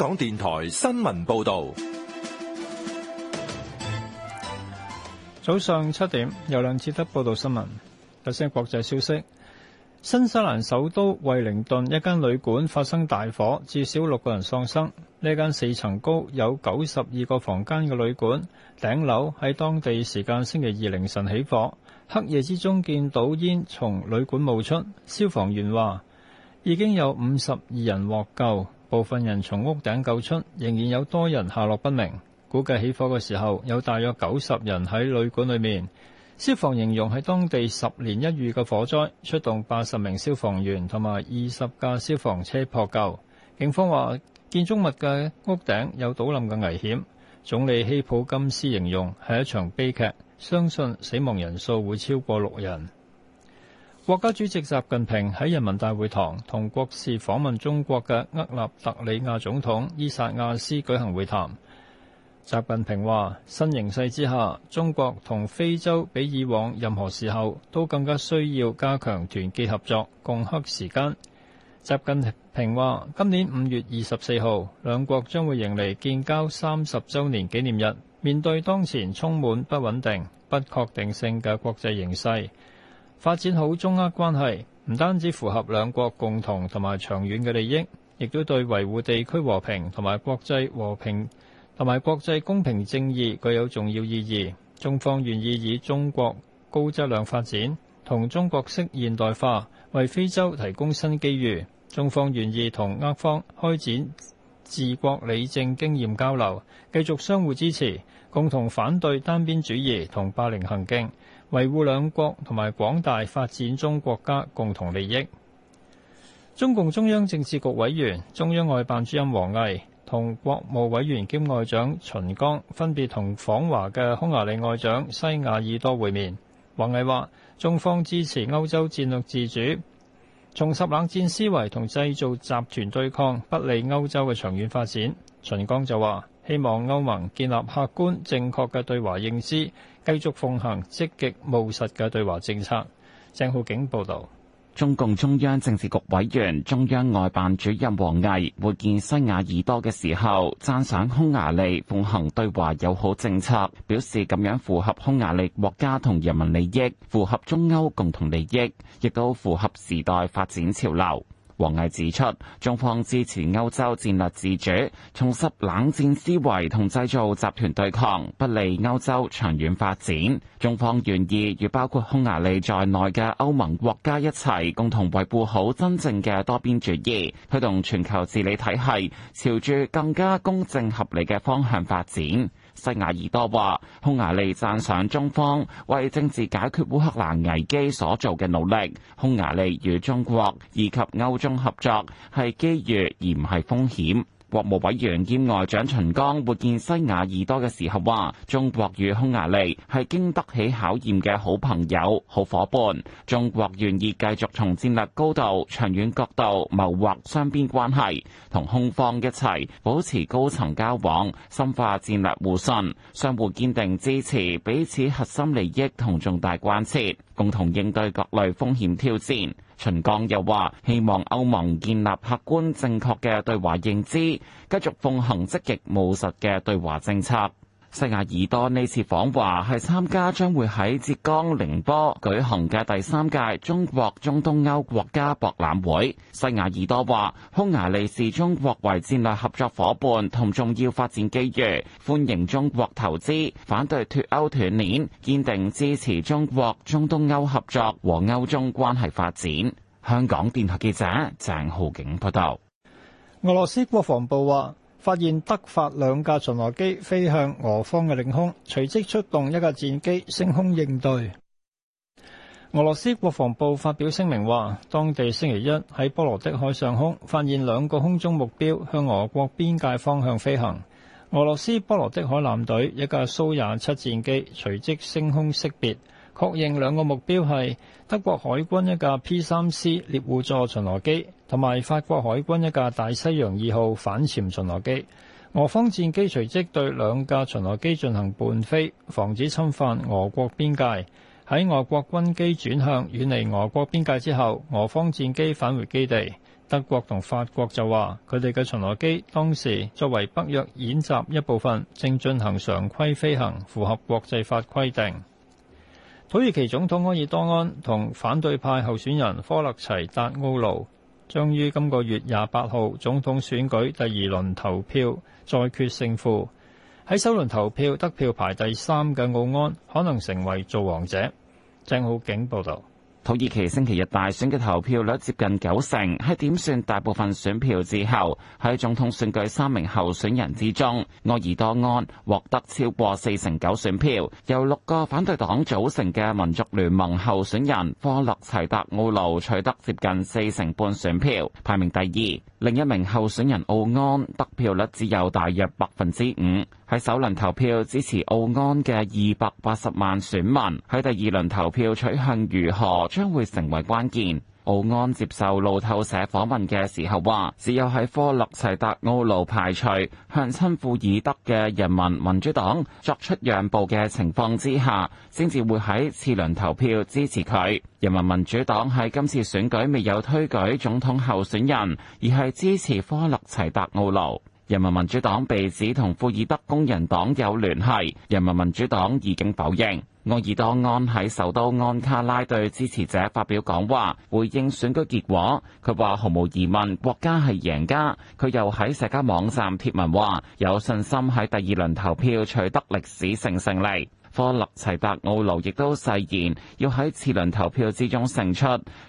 港電台新聞報道，早上七點由梁捷德報道新聞，有先國際消息：新西蘭首都惠靈頓一間旅館發生大火，至少六個人喪生。呢間四層高、有九十二個房間嘅旅館，頂樓喺當地時間星期二凌晨起火，黑夜之中見到煙從旅館冒出。消防員話已經有五十二人獲救。部分人從屋頂救出，仍然有多人下落不明。估計起火嘅時候有大約九十人喺旅館裏面。消防形容係當地十年一遇嘅火災，出動八十名消防員同埋二十架消防車撲救。警方話建築物嘅屋頂有倒冧嘅危險，總理希普金斯形容係一場悲劇，相信死亡人數會超過六人。國家主席習近平喺人民大會堂同國事訪問中國嘅厄立特里亞總統伊薩亞斯舉行會談。習近平話：新形勢之下，中國同非洲比以往任何時候都更加需要加強團結合作、共克時艱。習近平話：今年五月二十四號，兩國將會迎嚟建交三十週年紀念日。面對當前充滿不穩定、不確定性嘅國際形勢，發展好中非關係，唔單止符合兩國共同同埋長遠嘅利益，亦都對維護地區和平同埋國際和平同埋國際公平正義具有重要意義。中方願意以中國高質量發展同中國式現代化為非洲提供新機遇。中方願意同非方開展治國理政經驗交流，繼續相互支持，共同反對單邊主義同霸凌行徑。維護兩國同埋廣大發展中國家共同利益。中共中央政治局委員、中央外辦主任王毅同國務委員兼外長秦剛分別同訪華嘅匈牙利外長西雅爾多會面。王毅話：中方支持歐洲戰略自主，重拾冷戰思維同製造集團對抗，不利歐洲嘅長遠發展。秦剛就話：希望歐盟建立客觀正確嘅對華認知。繼續奉行積極務實嘅對華政策。鄭浩景報道，中共中央政治局委員、中央外辦主任王毅會見西雅爾多嘅時候，讚賞匈牙利奉行對華友好政策，表示咁樣符合匈牙利國家同人民利益，符合中歐共同利益，亦都符合時代發展潮流。王毅指出，中方支持歐洲戰略自主，重拾冷戰思維同製造集團對抗，不利歐洲長遠發展。中方願意與包括匈牙利在內嘅歐盟國家一齊，共同維護好真正嘅多邊主義，推動全球治理體系朝住更加公正合理嘅方向發展。西雅爾多話，匈牙利贊賞中方為政治解決烏克蘭危機所做嘅努力。匈牙利與中國以及歐中合作係機遇而唔係風險。國務委員兼外長秦剛會見西雅爾多嘅時候話，中國與匈牙利係經得起考驗嘅好朋友，好夥伴。中國願意繼續從戰略高度、長遠角度謀劃雙邊關係，同匈方一齊保持高層交往，深化戰略互信，相互堅定支持彼此核心利益同重大關切，共同應對各類風險挑戰。秦剛又話，希望歐盟建立客觀正確嘅對華認知，繼續奉行積極務實嘅對華政策。西亞爾多呢次訪華係參加將會喺浙江寧波舉行嘅第三屆中國中東歐國家博覽會。西亞爾多話，匈牙利視中國為戰略合作伙伴同重要發展機遇，歡迎中國投資，反對脫歐斷鏈，堅定支持中國中東歐合作和歐中關係發展。香港電台記者鄭浩景報道。俄羅斯國防部話。發現德法兩架巡邏機飛向俄方嘅領空，隨即出動一架戰機升空應對。俄羅斯國防部發表聲明話，當地星期一喺波羅的海上空發現兩個空中目標向俄國邊界方向飛行。俄羅斯波羅的海艦隊一架蘇廿七戰機隨即升空識別，確認兩個目標係德國海軍一架 P 三 C 獵戶座巡邏機，同埋法國海軍一架大西洋二號反潛巡邏機，俄方戰機隨即對兩架巡邏機進行伴飛，防止侵犯俄國邊界。喺俄國軍機轉向遠離俄國邊界之後，俄方戰機返回基地。德國同法國就話佢哋嘅巡邏機當時作為北約演習一部分，正進行常規飛行，符合國際法規定。土耳其總統埃爾多安同反對派候選人科勒齊達奧魯，將於今個月廿八號總統選舉第二輪投票再決勝負。喺首輪投票得票排第三嘅奧安可能成為造王者。鄭浩景報道。土耳其星期日大選嘅投票率接近九成，喺點算大部分選票之後，喺總統選舉三名候選人之中，埃爾多安獲得超過四成九選票，由六個反對黨組成嘅民族聯盟候選人科勒齊達奧路取得接近四成半選票，排名第二。另一名候選人奧安得票率只有大約百分之五。喺首輪投票支持澳安嘅二百八十萬選民，喺第二輪投票取向如何，將會成為關鍵。澳安接受路透社訪問嘅時候話，只有喺科勒齊達奧路排除向親庫爾德嘅人民民主黨作出讓步嘅情況之下，先至會喺次輪投票支持佢。人民民主黨喺今次選舉未有推舉總統候選人，而係支持科勒齊達奧路。人民民主黨被指同庫爾德工人黨有聯繫，人民民主黨已經否認。艾爾多安喺首都安卡拉對支持者發表講話，回應選舉結果。佢話毫無疑問，國家係贏家。佢又喺社交網站貼文話，有信心喺第二輪投票取得歷史性勝，勝利。科勒齊達奧盧亦都誓言要喺次輪投票之中勝出。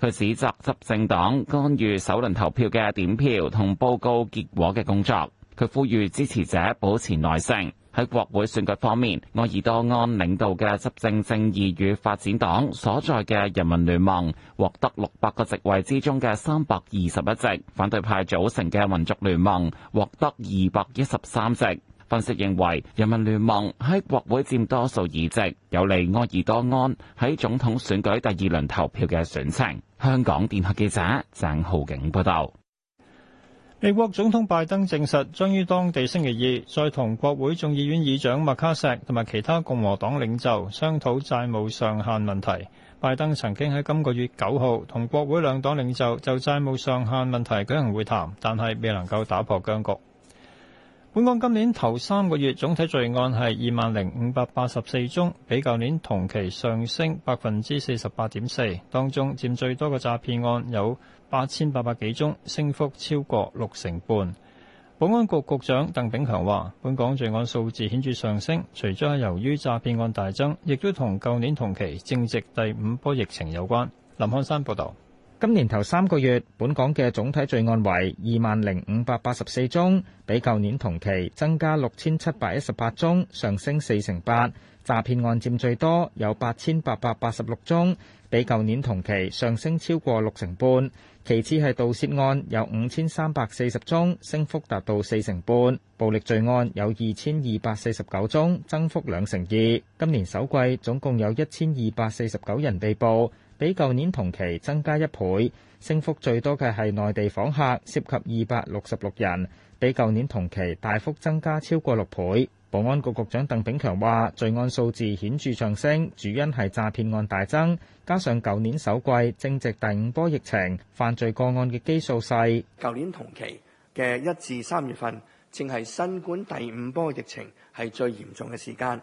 佢指責執政黨干預首輪投票嘅點票同報告結果嘅工作。佢呼籲支持者保持耐性。喺國會選舉方面，愛爾多安領導嘅執政正義與發展黨所在嘅人民聯盟獲得六百個席位之中嘅三百二十一席，反對派組成嘅民族聯盟獲得二百一十三席。分析認為，人民聯盟喺國會佔多數議席，有利愛爾多安喺總統選舉第二輪投票嘅選情。香港電台記者鄭浩景報道。美國總統拜登證實，將於當地星期二再同國會眾議院議長麥卡錫同埋其他共和黨領袖商討債務上限問題。拜登曾經喺今個月九號同國會兩黨領袖就債務上限問題舉行會談，但係未能夠打破僵局。本港今年頭三個月總體罪案係二萬零五百八十四宗，比舊年同期上升百分之四十八點四，當中佔最多嘅詐騙案有。八千八百幾宗，升幅超過六成半。保安局局長鄧炳強話，本港罪案數字顯著上升，除咗係由於詐騙案大增，亦都同舊年同期正值第五波疫情有關。林漢山報導，今年頭三個月，本港嘅總體罪案為二萬零五百八十四宗，比舊年同期增加六千七百一十八宗，上升四成八。詐騙案佔最多，有八千八百八十六宗，比舊年同期上升超過六成半。其次係盜竊案，有五千三百四十宗，升幅達到四成半。暴力罪案有二千二百四十九宗，增幅兩成二。今年首季總共有一千二百四十九人被捕，比舊年同期增加一倍。升幅最多嘅係內地訪客，涉及二百六十六人，比舊年同期大幅增加超過六倍。保安局局長鄧炳強話，罪案數字顯著上升，主因係詐騙案大增，加上舊年首季正值第五波疫情，犯罪個案嘅基數細。舊年同期嘅一至三月份，正係新冠第五波疫情係最嚴重嘅時間。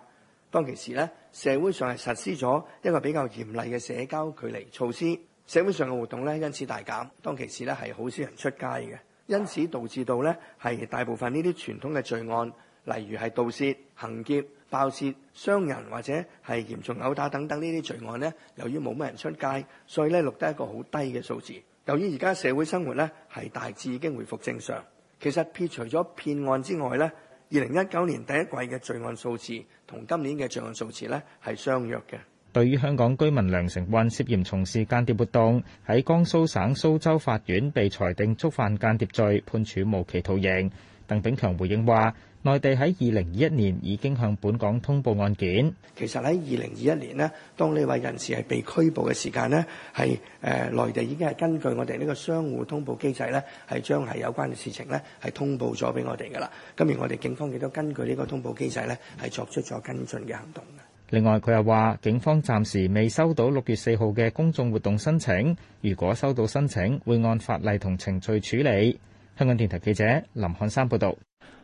當其時呢，社會上係實施咗一個比較嚴厲嘅社交距離措施，社會上嘅活動呢因此大減。當其時呢係好少人出街嘅，因此導致到呢係大部分呢啲傳統嘅罪案。例如係盜竊、行劫、爆竊、傷人或者係嚴重毆打等等呢啲罪案咧，由於冇乜人出街，所以咧錄得一個好低嘅數字。由於而家社會生活咧係大致已經回復正常，其實撇除咗騙案之外呢，二零一九年第一季嘅罪案數字同今年嘅罪案數字咧係相若嘅。對於香港居民梁成運涉嫌從事間諜活動，喺江蘇省蘇州法院被裁定觸犯間諜罪，判處無期徒刑。鄧炳強回應話，內地喺二零二一年已經向本港通報案件。其實喺二零二一年咧，當呢位人士係被拘捕嘅時間咧，係誒，內地已經係根據我哋呢個相互通報機制咧，係將係有關嘅事情咧係通報咗俾我哋噶啦。今日我哋警方亦都根據呢個通報機制咧，係作出咗跟進嘅行動。另外，佢又話，警方暫時未收到六月四號嘅公眾活動申請，如果收到申請，會按法例同程序處理。香港電台記者林漢山報道。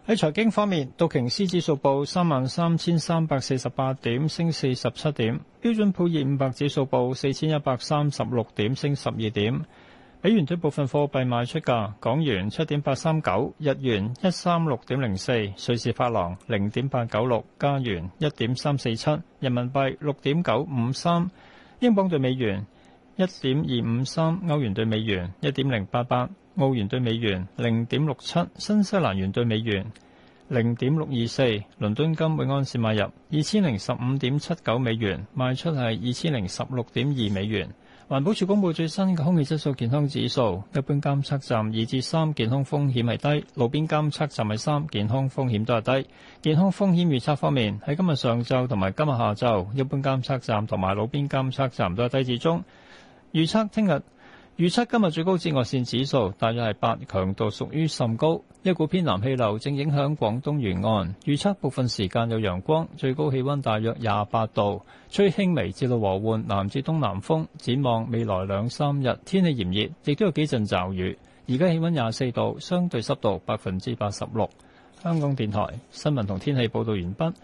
喺財經方面，道瓊斯指數報三萬三千三百四十八點，升四十七點；標準普爾五百指數報四千一百三十六點，升十二點。美元兌部分貨幣賣出價：港元七點八三九，日元一三六點零四，瑞士法郎零點八九六，加元一點三四七，人民幣六點九五三，英鎊兌美元一點二五三，歐元兌美元一點零八八。澳元兌美元零點六七，67, 新西蘭元兌美元零點六二四，24, 倫敦金每安士買入二千零十五點七九美元，賣出係二千零十六點二美元。環保署公布最新嘅空氣質素健康指數，一般監測站二至三，健康風險係低，路邊監測站係三，健康風險都係低。健康風險預測方面，喺今日上晝同埋今日下晝，一般監測站同埋路邊監測站都係低至中，預測聽日。預測今日最高紫外線指數大約係八，強度屬於甚高。一股偏南氣流正影響廣東沿岸，預測部分時間有陽光，最高氣温大約廿八度，吹輕微至到和緩南至東南風。展望未來兩三日，天氣炎熱，亦都有幾陣驟雨。而家氣温廿四度，相對濕度百分之八十六。香港電台新聞同天氣報導完畢。